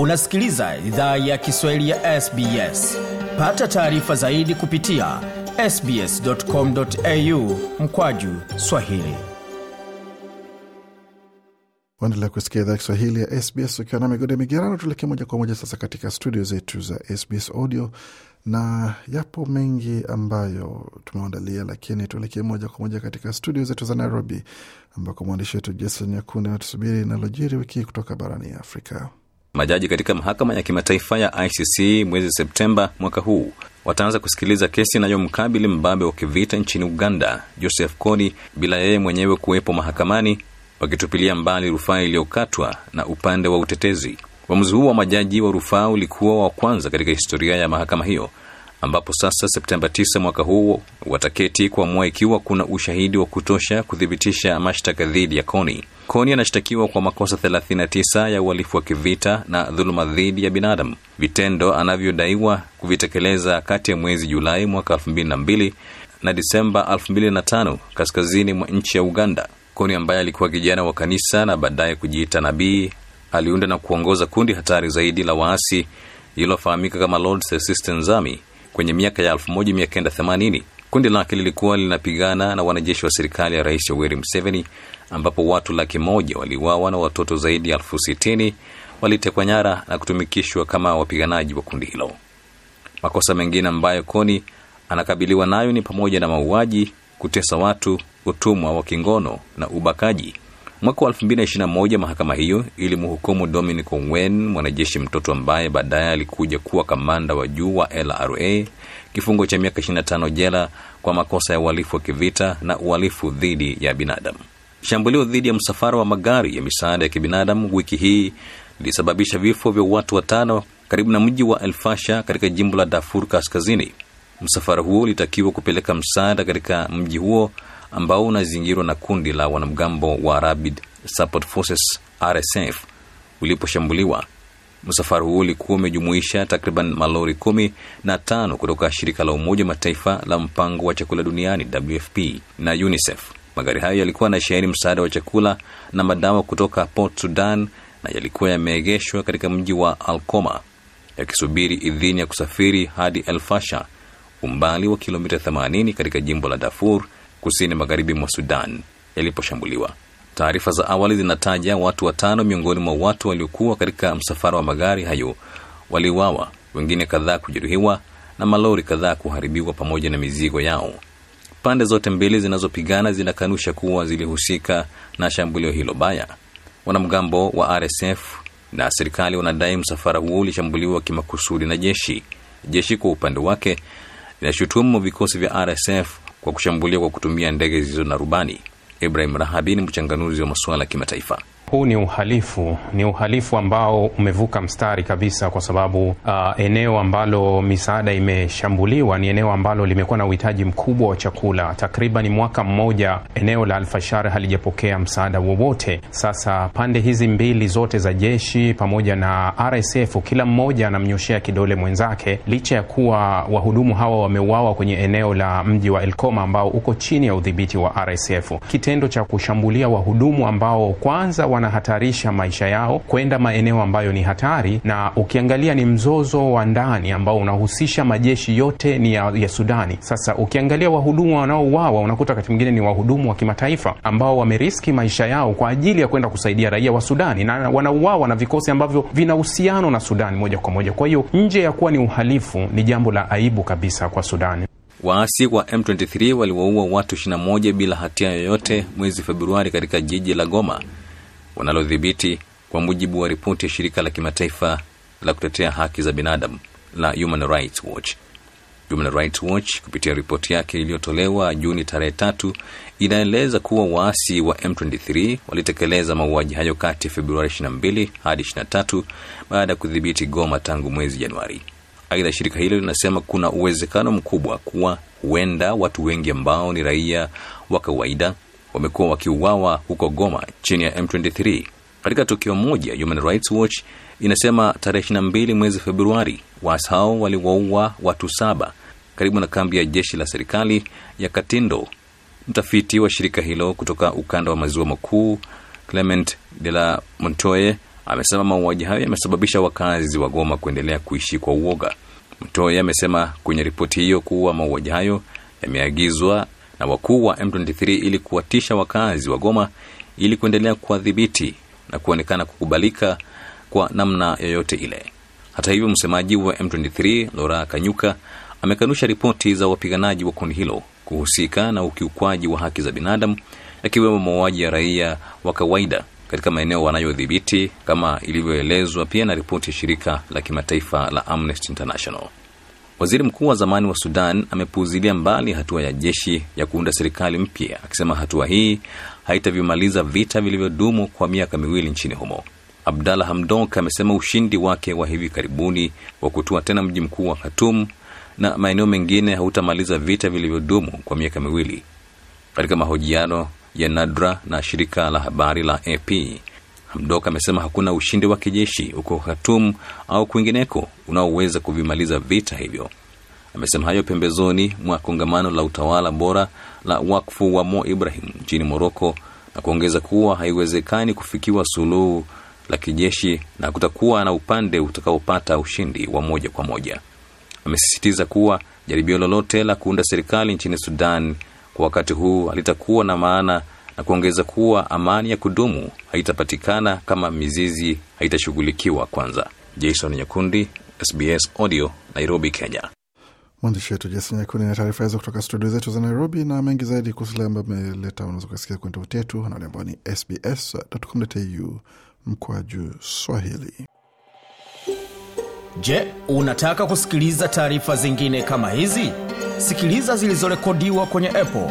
unasikiliza idhaa ya kiswahili ya sbs pata taarifa zaidi kupitia sbscomau mkwaju swahili waendelea kusikia idhaa kiswahili ya sbs ukiwa na migode migerano tuelekee moja kwa moja sasa katika studio zetu za sbs audio na yapo mengi ambayo tumeandalia, lakini tuelekee moja kwa moja katika studio zetu za Nairobi, ambako mwandishi wetu Jason Nyakundi anatusubiri inalojiri wiki kutoka barani ya Afrika. Majaji katika mahakama ya kimataifa ya ICC mwezi Septemba mwaka huu wataanza kusikiliza kesi inayomkabili mbabe wa kivita nchini Uganda, Joseph Kony, bila yeye mwenyewe kuwepo mahakamani, wakitupilia mbali rufaa iliyokatwa na upande wa utetezi. Uamuzi huu wa majaji wa rufaa ulikuwa wa kwanza katika historia ya mahakama hiyo ambapo sasa Septemba 9 mwaka huu wataketi kuamua ikiwa kuna ushahidi wa kutosha kuthibitisha mashtaka dhidi ya Koni. Koni anashtakiwa kwa makosa 39 ya uhalifu wa kivita na dhuluma dhidi ya binadamu, vitendo anavyodaiwa kuvitekeleza kati ya mwezi Julai mwaka 2002 na Disemba 2005 kaskazini mwa nchi ya Uganda. Koni ambaye alikuwa kijana wa kanisa na baadaye kujiita nabii, aliunda na kuongoza kundi hatari zaidi la waasi lililofahamika kama Lord's Resistance Army kwenye miaka ya 1980 kundi lake lilikuwa linapigana na wanajeshi wa serikali ya Rais Yoweri Museveni, ambapo watu laki moja waliuawa na watoto zaidi ya elfu sitini walitekwa nyara na kutumikishwa kama wapiganaji wa kundi hilo. Makosa mengine ambayo Koni anakabiliwa nayo ni pamoja na mauaji, kutesa watu, utumwa wa kingono na ubakaji. Mwaka wa 2021 mahakama hiyo ilimhukumu Dominic Ongwen, mwanajeshi mtoto ambaye baadaye alikuja kuwa kamanda wa juu wa LRA, kifungo cha miaka 25 jela kwa makosa ya uhalifu wa kivita na uhalifu dhidi ya binadamu. Shambulio dhidi ya msafara wa magari ya misaada ya kibinadamu wiki hii lilisababisha vifo vya watu watano karibu na mji wa Elfasha katika jimbo la Darfur Kaskazini. Msafara huo ulitakiwa kupeleka msaada katika mji huo ambao unazingirwa na kundi la wanamgambo wa Rapid Support Forces RSF uliposhambuliwa. Msafara huo ulikuwa umejumuisha takriban malori kumi na tano kutoka shirika la Umoja Mataifa la mpango wa chakula duniani WFP na UNICEF. Magari hayo yalikuwa yanasheheni msaada wa chakula na madawa kutoka Port Sudan na yalikuwa yameegeshwa katika mji wa Alkoma yakisubiri idhini ya kusafiri hadi El umbali wa kilomita 80 katika jimbo la Darfur kusini magharibi mwa Sudan yaliposhambuliwa. Taarifa za awali zinataja watu watano miongoni mwa watu waliokuwa katika msafara wa magari hayo waliuawa, wengine kadhaa kujeruhiwa na malori kadhaa kuharibiwa pamoja na mizigo yao. Pande zote mbili zinazopigana zinakanusha kuwa zilihusika na shambulio hilo baya. Wanamgambo wa RSF na serikali wanadai msafara huo ulishambuliwa kimakusudi na jeshi. Jeshi kwa upande wake linashutumu vikosi vya RSF kwa kushambulia kwa kutumia ndege zilizo na rubani. Ibrahim Rahabi ni mchanganuzi wa masuala ya kimataifa. Huu ni uhalifu, ni uhalifu ambao umevuka mstari kabisa, kwa sababu uh, eneo ambalo misaada imeshambuliwa ni eneo ambalo limekuwa na uhitaji mkubwa wa chakula. Takriban mwaka mmoja eneo la Alfashar halijapokea msaada wowote. Sasa pande hizi mbili zote za jeshi pamoja na RSF, kila mmoja anamnyoshea kidole mwenzake, licha ya kuwa wahudumu hawa wameuawa kwenye eneo la mji wa Elkoma ambao uko chini ya udhibiti wa RSF. Kitendo cha kushambulia wahudumu ambao kwanza wanahatarisha maisha yao kwenda maeneo ambayo ni hatari, na ukiangalia ni mzozo wa ndani ambao unahusisha majeshi yote ni ya, ya Sudani. Sasa ukiangalia wahudumu wanaouawa unakuta wakati mwingine ni wahudumu wa kimataifa ambao wameriski maisha yao kwa ajili ya kwenda kusaidia raia wa Sudani na wanauawa na vikosi ambavyo vina uhusiano na Sudani moja kwa moja. Kwa hiyo nje ya kuwa ni uhalifu, ni jambo la aibu kabisa kwa Sudani. Waasi wa M23 waliwaua watu 21 bila hatia yoyote mwezi Februari katika jiji la Goma wanalodhibiti kwa mujibu wa ripoti ya shirika la kimataifa la kutetea haki za binadamu la Human Rights Watch. Human Rights Watch kupitia ripoti yake iliyotolewa Juni tarehe tatu inaeleza kuwa waasi wa M23 walitekeleza mauaji hayo kati ya Februari 22 hadi 23 baada ya kudhibiti Goma tangu mwezi Januari. Aidha, shirika hilo linasema kuna uwezekano mkubwa kuwa huenda watu wengi ambao ni raia wa kawaida wamekuwa wakiuawa huko Goma chini ya M23. Katika tukio moja, Human Rights Watch inasema tarehe 22 mwezi Februari waasi hao waliwaua watu saba karibu na kambi ya jeshi la serikali ya Katindo. Mtafiti wa shirika hilo kutoka ukanda wa maziwa makuu Clement de la Montoye amesema mauaji hayo yamesababisha wakazi wa Goma kuendelea kuishi kwa uoga. Montoye amesema kwenye ripoti hiyo kuwa mauaji hayo yameagizwa na wakuu wa M23 ili kuwatisha wakazi wa Goma ili kuendelea kuwadhibiti na kuonekana kukubalika kwa namna yoyote ile. Hata hivyo, msemaji wa M23 Lora Kanyuka amekanusha ripoti za wapiganaji wa kundi hilo kuhusika na ukiukwaji wa haki za binadamu yakiwemo mauaji ya raia wa kawaida katika maeneo wanayodhibiti kama ilivyoelezwa pia na ripoti ya shirika la kimataifa la Amnesty International. Waziri mkuu wa zamani wa Sudan amepuuzilia mbali hatua ya jeshi ya kuunda serikali mpya, akisema hatua hii haitavimaliza vita vilivyodumu kwa miaka miwili nchini humo. Abdalla Hamdok amesema ushindi wake wa hivi karibuni wa kutua tena mji mkuu wa Khartoum na maeneo mengine hautamaliza vita vilivyodumu kwa miaka miwili. Katika mahojiano ya nadra na shirika la habari la AP, Hamdok amesema hakuna ushindi wa kijeshi huko Khartoum au kwingineko unaoweza kuvimaliza vita hivyo. Amesema hayo pembezoni mwa kongamano la utawala bora la wakfu wa Mo Ibrahim nchini Moroko na kuongeza kuwa haiwezekani kufikiwa suluhu la kijeshi na kutakuwa na upande utakaopata ushindi wa moja kwa moja. Amesisitiza kuwa jaribio lolote la kuunda serikali nchini Sudan kwa wakati huu halitakuwa na maana na kuongeza kuwa amani ya kudumu haitapatikana kama mizizi haitashughulikiwa kwanza. Jason Nyakundi, SBS Audio, Nairobi, Kenya. Mwandishi wetu Jason Nyakundi na taarifa hizo kutoka studio zetu za Nairobi. Na mengi zaidi kuhusu yale ambayo ameleta unaweza kusikia kwenye tovuti yetu anaoni ambao ni sbs.com.au mkoa juu Swahili. Je, unataka kusikiliza taarifa zingine kama hizi? Sikiliza zilizorekodiwa kwenye Apple,